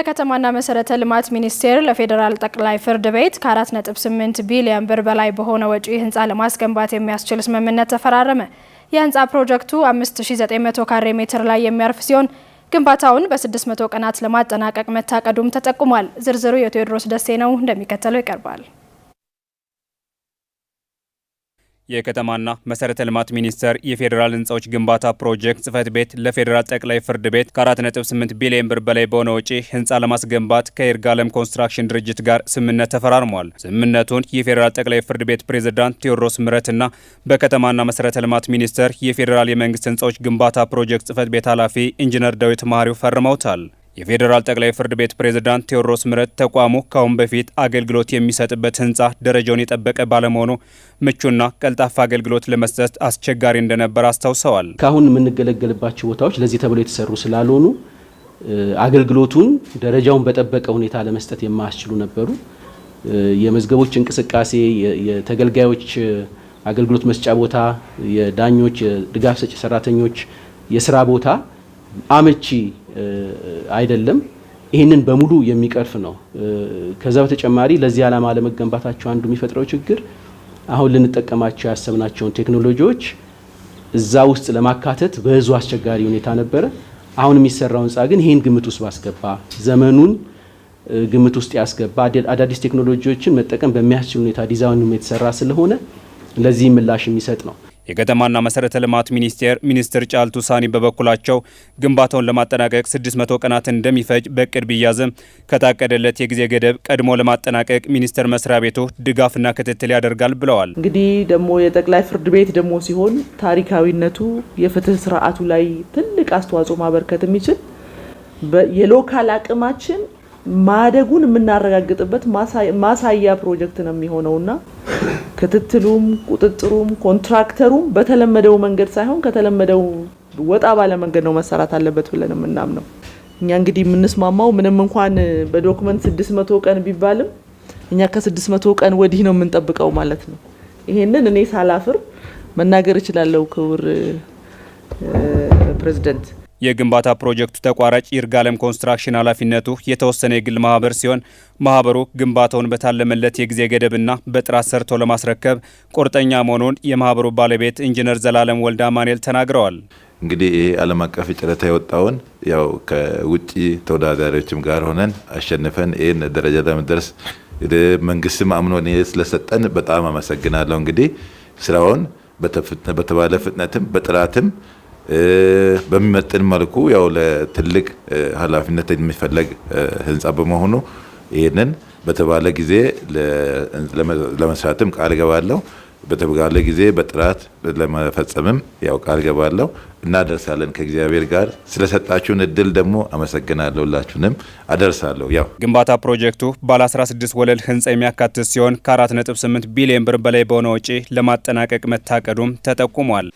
የከተማና መሰረተ ልማት ሚኒስቴር ለፌዴራል ጠቅላይ ፍርድ ቤት ከ4.8 ቢሊዮን ብር በላይ በሆነ ወጪ ህንፃ ለማስገንባት የሚያስችል ስምምነት ተፈራረመ። የህንፃ ፕሮጀክቱ 5900 ካሬ ሜትር ላይ የሚያርፍ ሲሆን ግንባታውን በ600 ቀናት ለማጠናቀቅ መታቀዱም ተጠቁሟል። ዝርዝሩ የቴዎድሮስ ደሴ ነው፣ እንደሚከተለው ይቀርባል። የከተማና መሰረተ ልማት ሚኒስቴር የፌዴራል ህንፃዎች ግንባታ ፕሮጀክት ጽህፈት ቤት ለፌዴራል ጠቅላይ ፍርድ ቤት ከ4.8 ቢሊዮን ብር በላይ በሆነ ወጪ ህንፃ ለማስገንባት ከይርጋለም ኮንስትራክሽን ድርጅት ጋር ስምምነት ተፈራርሟል። ስምምነቱን የፌዴራል ጠቅላይ ፍርድ ቤት ፕሬዝዳንት ቴዎድሮስ ምህረትና በከተማና መሰረተ ልማት ሚኒስቴር የፌዴራል የመንግስት ህንፃዎች ግንባታ ፕሮጀክት ጽህፈት ቤት ኃላፊ ኢንጂነር ዳዊት መሐሪው ፈርመውታል። የፌዴራል ጠቅላይ ፍርድ ቤት ፕሬዝዳንት ቴዎድሮስ ምህረት ተቋሙ ካሁን በፊት አገልግሎት የሚሰጥበት ህንፃ ደረጃውን የጠበቀ ባለመሆኑ ምቹና ቀልጣፋ አገልግሎት ለመስጠት አስቸጋሪ እንደነበር አስታውሰዋል። ካሁን የምንገለገልባቸው ቦታዎች ለዚህ ተብሎ የተሰሩ ስላልሆኑ አገልግሎቱን ደረጃውን በጠበቀ ሁኔታ ለመስጠት የማያስችሉ ነበሩ። የመዝገቦች እንቅስቃሴ፣ የተገልጋዮች አገልግሎት መስጫ ቦታ፣ የዳኞች፣ የድጋፍ ሰጪ ሰራተኞች የስራ ቦታ አመቺ አይደለም። ይህንን በሙሉ የሚቀርፍ ነው። ከዛ በተጨማሪ ለዚህ ዓላማ ለመገንባታቸው አንዱ የሚፈጥረው ችግር አሁን ልንጠቀማቸው ያሰብናቸውን ቴክኖሎጂዎች እዛ ውስጥ ለማካተት በህዙ አስቸጋሪ ሁኔታ ነበረ። አሁን የሚሰራው ህንፃ ግን ይህን ግምት ውስጥ ባስገባ ዘመኑን ግምት ውስጥ ያስገባ አዳዲስ ቴክኖሎጂዎችን መጠቀም በሚያስችል ሁኔታ ዲዛይን የተሰራ ስለሆነ ለዚህ ምላሽ የሚሰጥ ነው። የከተማና መሰረተ ልማት ሚኒስቴር ሚኒስትር ጫልቱ ሳኒ በበኩላቸው ግንባታውን ለማጠናቀቅ 600 ቀናት እንደሚፈጅ በእቅድ ቢያዝም ከታቀደለት የጊዜ ገደብ ቀድሞ ለማጠናቀቅ ሚኒስቴር መስሪያ ቤቱ ድጋፍና ክትትል ያደርጋል ብለዋል። እንግዲህ ደግሞ የጠቅላይ ፍርድ ቤት ደግሞ ሲሆን ታሪካዊነቱ የፍትህ ስርዓቱ ላይ ትልቅ አስተዋጽኦ ማበርከት የሚችል የሎካል አቅማችን ማደጉን የምናረጋግጥበት ማሳያ ፕሮጀክት ነው የሚሆነውና ክትትሉም ቁጥጥሩም ኮንትራክተሩም በተለመደው መንገድ ሳይሆን ከተለመደው ወጣ ባለ መንገድ ነው መሰራት አለበት ብለን የምናምነው። እኛ እንግዲህ የምንስማማው ምንም እንኳን በዶክመንት 600 ቀን ቢባልም እኛ ከ600 ቀን ወዲህ ነው የምንጠብቀው ማለት ነው። ይሄንን እኔ ሳላፍር መናገር እችላለሁ ክቡር ፕሬዚደንት። የግንባታ ፕሮጀክቱ ተቋራጭ ይርጋለም ኮንስትራክሽን ኃላፊነቱ የተወሰነ የግል ማህበር ሲሆን ማህበሩ ግንባታውን በታለመለት የጊዜ ገደብና በጥራት ሰርቶ ለማስረከብ ቁርጠኛ መሆኑን የማህበሩ ባለቤት ኢንጂነር ዘላለም ወልዳ ማኔል ተናግረዋል። እንግዲህ ይሄ ዓለም አቀፍ ጨረታ የወጣውን ያው ከውጭ ተወዳዳሪዎችም ጋር ሆነን አሸንፈን ይህን ደረጃ ለመድረስ መንግስትም አምኖ ስለሰጠን በጣም አመሰግናለሁ። እንግዲህ ስራውን በተባለ ፍጥነትም በጥራትም በሚመጥን መልኩ ያው ለትልቅ ኃላፊነት የሚፈለግ ህንፃ በመሆኑ ይህንን በተባለ ጊዜ ለመስራትም ቃል ገባለሁ። በተባለ ጊዜ በጥራት ለመፈጸምም ያው ቃል ገባለሁ። እናደርሳለን ከእግዚአብሔር ጋር። ስለሰጣችሁን እድል ደግሞ አመሰግናለሁ። ሁላችሁንም አደርሳለሁ። ያው ግንባታ ፕሮጀክቱ ባለ 16 ወለል ህንፃ የሚያካትት ሲሆን ከ4.8 ቢሊዮን ብር በላይ በሆነ ወጪ ለማጠናቀቅ መታቀዱም ተጠቁሟል።